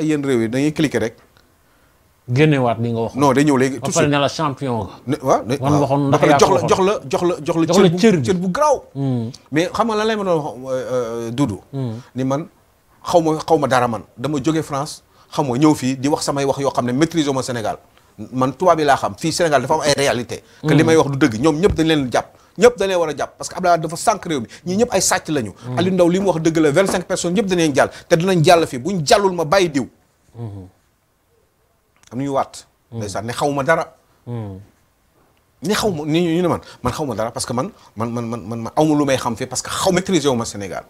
ay yenn réew yi dañuy cliquer rek. génnewaat li nga wax. non day ñëw léegi tout de suite ne la champion nga. ne waaw ne waaw waxoon ndax yaa ko waxoon jox la jox la jox la jox la cër bu cër bu garaaw. Hmm. mais xam nga lan lay ma doon wax euh, euh, Doudou. Hmm. ni man xaw ma xaw ma dara man dama jóge France xam nga ñëw fii di wax samay wax yoo xam ne maîtriser ma Sénégal man tubaab yi laa xam fii Sénégal dafa am ay réalité que hmm. li may wax du dëgg ñoom ñëpp dañ leen jàpp. ñëpp danay war a jàpp parce que Abdoulaye dafa sànq réew mi ñii ñëpp ay sàcc lañu. Aliou ndaw li mu wax dëgg la vingt cinq personnes ñëpp danañ jàll te dinañ jàll fii buñ jàllul ma bàyyi diw. am nañu waat. ndeysaan ne xaw ma dara. ni xaw ma ni ñu ne man man xaw ma dara parce que man man man man man aw ma lu may xam fii parce que xaw maîtriser wu ma Sénégal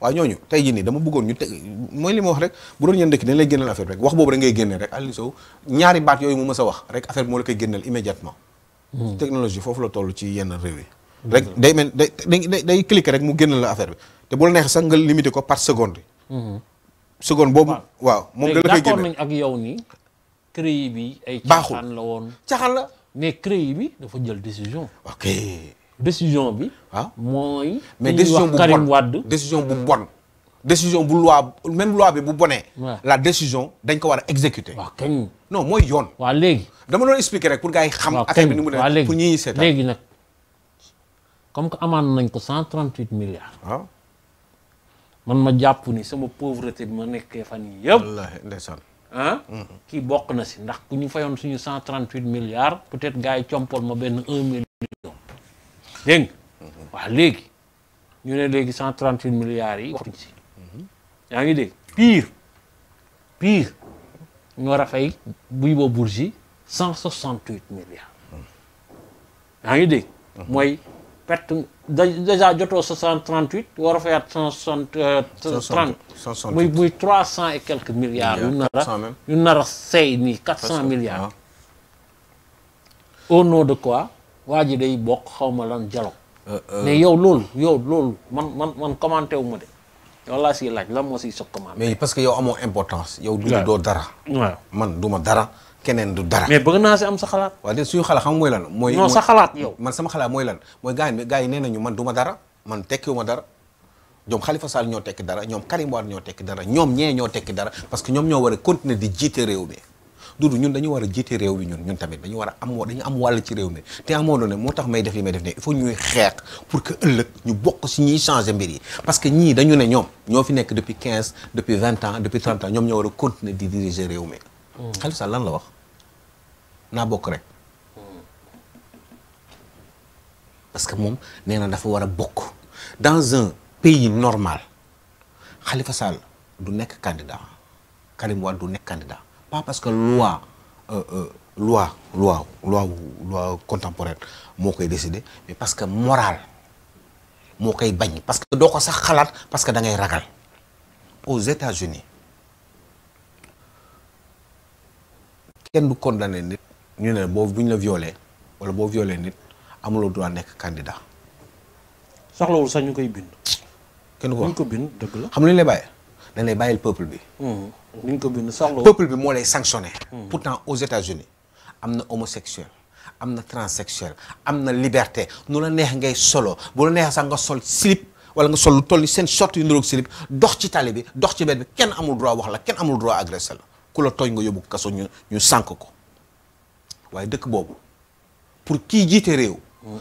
waaw ñooñu tey ji nii dama bëggoon ñu teg mooy li ma wax rek bu doon yéen dëkk dañ lay génneel affaire rek wax boobu rek ngay génneel rek Aliou Sow ñaari baat yooyu a rek affaire moo la koy génneel immédiatement hmm. technologie foofu la toll ci yenn réew yi rek day mel day day cliquer rek mu génn la affaire bi te bu la neexee sax nga limité ko par seconde. hmm seconde bobu waaw mom da la koy génne d'accord nañ ak yow ni CREI bi ay. baaxul la won caaxaan la. mais CREI bi dafa jël décision. ok décision bi. waaw ah. moy mais décision bu Karim Wade décision bu mm. bonne décision bu loi même loi bi bu bonné la décision dañ ko wara exécuter. wa kañ. non moy yone wa légui dama doon expliquer rek pour gaay xam. affaire bi ni mu demee pour ñi ñuy seetaan léegi comme que amaan nañ ko cent trente huit milliards. man ma jàpp ni sama pauvreté bi ma nekkee fan yii yëpp. wallaahi ndeysaan. Ah? Mhm. kii bokk na si ndax ku ñu fayoon suñu cent trente huit milliards peut-être gars yi compoon ma benn un million. dégg mhm. léegi ñu ne léegi cent trente huit milliards yi waxuñ si. Mhm. yaa ngi dégg pire pire ñu war a fay bu ba bourse cent soixante milliards. yaa ngi dégg. mooy. perte déjà jotoo 60 38 war a fayaat 160. 160 30 muy muy 300 et quelques milliards. yu nara a yu nar a seey nii 400 milliards. Ah. au nom de quoi waa ji day bokk xaw ma lan jaloo euh, euh. mais yow loolu yow loolu man man man commenté wu ma de. laa si laaj lan moo si soog commenté. mais parce que yow amoo importance. yow du doo dara. man duma dara. keneen du dara mais bëgg naa si am sa xalaat waaw de suñu xalaat xam mooy lan mooy non sa xalaat yow man sama xalaat mooy lan mooy gars yi gars yi nee man du ma dara man tekkiwuma dara ñoom Khalifa Sall ñoo tekki dara ñoom Karim ñoo tekki dara ñoom ñee ñoo tekki dara parce que ñoom ñoo war a di jiite réew mi dudu ñun dañu war a jiite réew mi ñun ñun tamit dañu war a am dañu am wàll ci réew mi tax may def li may def ne il faut ñuy xeex pour si ñiy changer mbir yi parce que ñii dañu ne ñoom ñoo fi nekk depuis 15 depuis 20 ans depuis 30 ans ñoom ñoo war a continuer di diriger réew mi Khalifa Sall lan la wax Na bokk rek parce que moom nee na dafa war a bokk dans un pays normal Khalifa Sall du un candidat Karim Wade du un candidat pas parce que loi euh, euh, loi loi loi loi contemporaine moo décidé, décider mais parce que moral morale koy bañ parce que doo ko sax xalaat parce que da ngay ragal aux États-Unis kenn du condamné nit ñu ne boo bu ñu la violé wala boo violé nit amuloo droit nekk candidat. soxlawul sax ñu koy bind. kenn ko ñu ko bind dëgg la. xam lu ñu lay bàyyi dañ lay le peuple bi. Hmm. ñu ko bind soxlawul peuple bi moo lay sanctionné. Hmm. pourtant aux États-Unis am homosexuel am transsexuel am liberté nu la neex ngay solo bu la neex sax nga sol slip wala nga sol lu toll sorte seen drogue slip dox ci tali bi dox ci mbedd bi amul droit wax la kenn amul droit agressé ku la tooñ nga yóbbu kaso ñu ñu sànk ko waaye dëkk boobu pour kii jiite réew.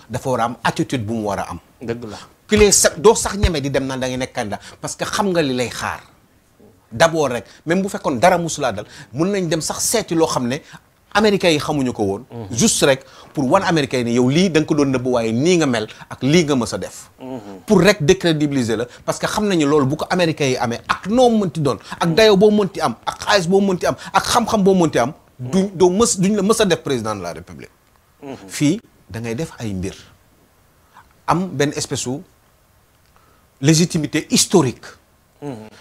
dafa war a am attitude bu mu war a am. dëgg la ki lay sax doo sax ñeme di dem naan da ngay nekk candidat que xam nga li lay xaar d'abord rek même bu fekkoon dara musulaa dal mun nañ dem sax seeti loo xam ne américains yi xamuñu ko woon. Mhm. juste rek pour wan américains yi yow lii danga ko doon nëbb waaye nii nga mel ak lii nga mës a def. Mhm. pour rek décrédibiliser la parce que xam nañu loolu bu ko américains yi ame ak noo mënti doon ak mhm. dayoo boo mënti am ak xaalis boo mënti am ak xam-xam boo mënti am. du doo mës duñ la mës a def président de la république. fii da ngay def ay mbir am benn espèce su légitimité historique.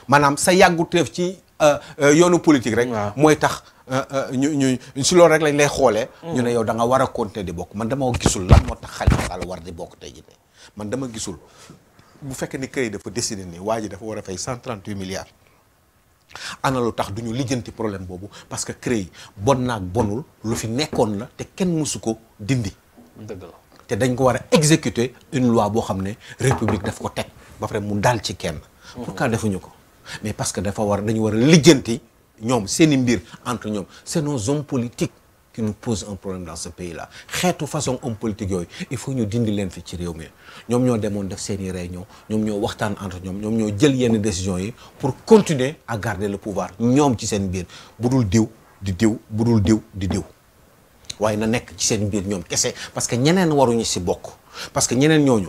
maanaam sa yàggu teef ci euh, euh, yoonu politique rek. mooy tax. Euh, euh, ñu ñu si loolu rek lañ lay xoolee. Mm. ñu ne yow da nga war a continuer di bokk man dama gisul la moo tax Khalifa Sall war di bokk tey jii man dama gisul bu fekkee ni kër dafa décidé ni waa ji dafa war a fay 138 milliards. ana lu tax duñu lijjanti problème boobu parce que CREI bon naag bonul lu fi nekkoon la te kenn mësu ko dindi. te dañ ko war a exécuter une loi boo xam ne république daf ko teg ba pare mu dal ci kenn. kaa mm. defuñu ko mais parce que dafa war dañu war a lijjanti c'est nos hommes politiques qui nous posent un problème dans ce pays-là toute façon homme hommes politiques, il faut ñu nous leen fi ci réew des Nous ñoo demoon def seen nous entre décisions pour continuer à garder le pouvoir nous ci seen biir bu dul Dieu, di Dieu, bu Nous di sont nous na ci nous nous parce que nous nous bokk parce que qui. ñooñu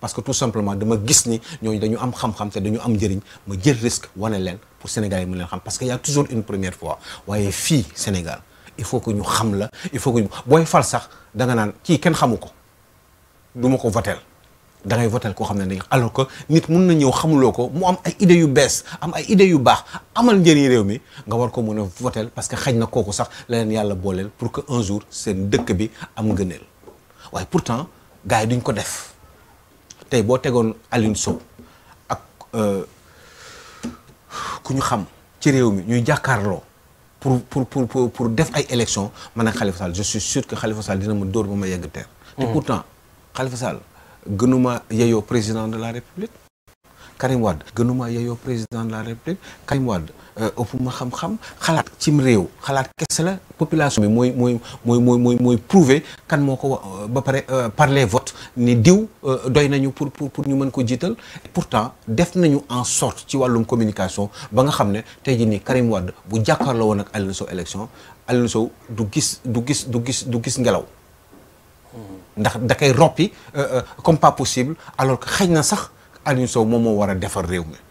parce que tout simplement de me ni ñoo dañu am xam-xam dañu am jëriñ ma jël risque wone que pour Sénégal yi mu parce qu'il y a toujours une première fois waaye fi Sénégal il faut que ñu xam la il faut que nous. fal sax da nga nan pas. ken xamuko ko ko votel da ngay voter. alors que nit mun na ñëw mu am ay idées yu bees am ay idées yu amal réew mi nga war parce que koku sax leen pour que un jour seen dëkk bi am pourtant gaay duñ def tay bo Aline Sow ak euh, pour pour pour pour élections je suis sûr que Khalifa Sall dina ma dóor ba ma yegg terre. Mm. pourtant Khalifa Sall gënuma président de la République. Karim wad gënuma yeyo président de la République Karim wad euh, ëpp ma xam-xam xalaat ci réew xalaat kese la population bi mooy mooy mooy mooy mooy mooy prouver kan moo ko euh, ba pare euh, par les votes ni diw doy nañu pour pour pour ñu mën ko jiital pourtant def nañu en sorte ci wàllum communication ba nga xam ne tey jii nii Karim Wade bu jàkkaarloo woon ak Aliou Sow élection Aliou Sow du gis du gis du gis du gis ngelaw. ndax da koy roppi comme pas possible alors que xëy na sax Aliou Sow moom moo war a defar réew mi.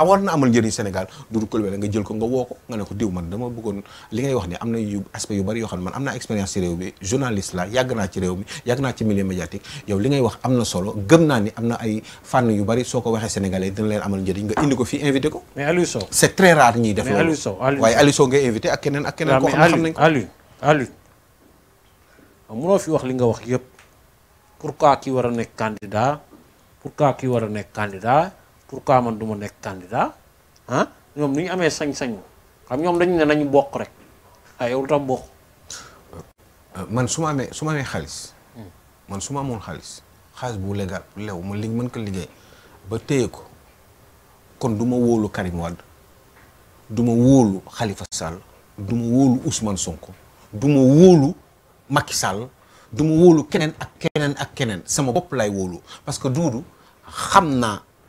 a ah, war na amal njëriñ Sénégal Doudou Coulibaly nga jël ko nga woo ko nga ne ko diw man dama bëggoon li ngay wax ne am na yu aspect yu bari yoo xam ne man am naa expérience ci réew bi journaliste la yàgg naa ci réew mi yàgg naa ci milieu médiatique yow li ngay wax am na solo gëm naa ni am na ay fànn yu bari soo ko waxee sénégalais dina leen amal njëriñ nga indi ko fi invité ko mais Aliou Sow c'est très rare ñuy def loolu waaye Aliou Sow ngay invité ak keneen ak keneen koo xam ne xam nañ ah, fi wax li nga wax yëpp pourquoi ki war a nekk candidat pourquoi ki war a nekk candidat pourquoi man du ma nekk candidat ah ñoom nu ñu amee sañ-sañ xam ñoom dañu ne nañu bokk rek ay ah, yow lu tax bokk. man su ma amee su ma xaalis. Hmm. man su ma amoon xaalis xaalis bu légal lew ma li mën ko liggéey ba téye ko kon du ma wóolu Karim Wade ma wóolu Khalifa Sall du ma wóolu Ousmane sonk du ma wóolu makki Sall du ma wóolu keneen ak keneen ak keneen sama bopp lay wóolu parce que xam naa.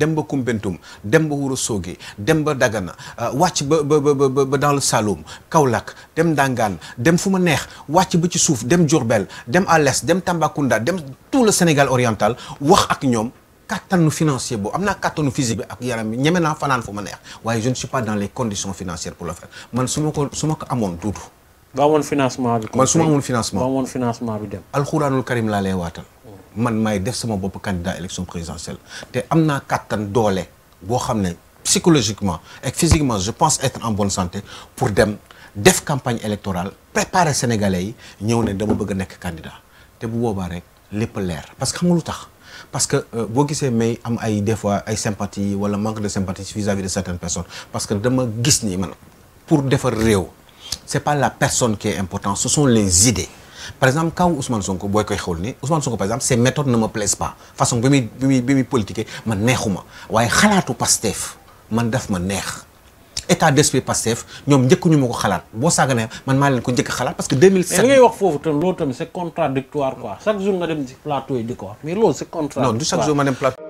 dem ba Koumpentoum dem ba Wuro Sogi dem ba daggana euh, wàcc ba ba ba ba dans le Saloum Kaolack dem Ndangaan dem fu ma neex wàcc ba ci suuf dem Diourbel dem à l'est dem Tambacounda dem tout le Sénégal oriental wax ak ñoom kattanu financier boobu am naa kattanu physique bi ak yaram bi ñeme naa fanaan fu ma neex waaye je ne suis pas dans les conditions financières pour le faire man su ma ko su ma ko amoon tuutu. ba amoon financement bi. ma amoon financement ba amoon financement bi dem. alxuraanul karim laa lay waatal. man May def sama candidat candidat élection présidentielle té amna katan doolé bo xamné psychologiquement et physiquement je pense être en bonne santé pour faire def campagne électorale préparer sénégalais yi ñëw dama bëgg candidat té bu plaires. rek lépp parce que xam nga parce que euh, bo may am ay des fois ay sympathie wala manque de sympathie vis-à-vis de certaines personnes parce que dama gis ni man pour réew c'est pas la personne qui est importante ce sont les idées par exemple quand Ousmane Sonko boy, koy xool ni Ousmane Sonko par exemple ses méthodes ne me plaisent pas façon bi muy bi politique, bi muy pas. man neexuma waaye pas Pastef man daf ma neex état d'esprit Pastef ñom njëkkuñu ma ko bo sagane man maa leen ko njëkk xalaat parce que 2007 li ngay wax fofu tam lo tam c'est contradictoire quoi chaque jour nga dem ci plateau yi di ko mais loolu c'est contradictoire non du chaque jour ma dem plateau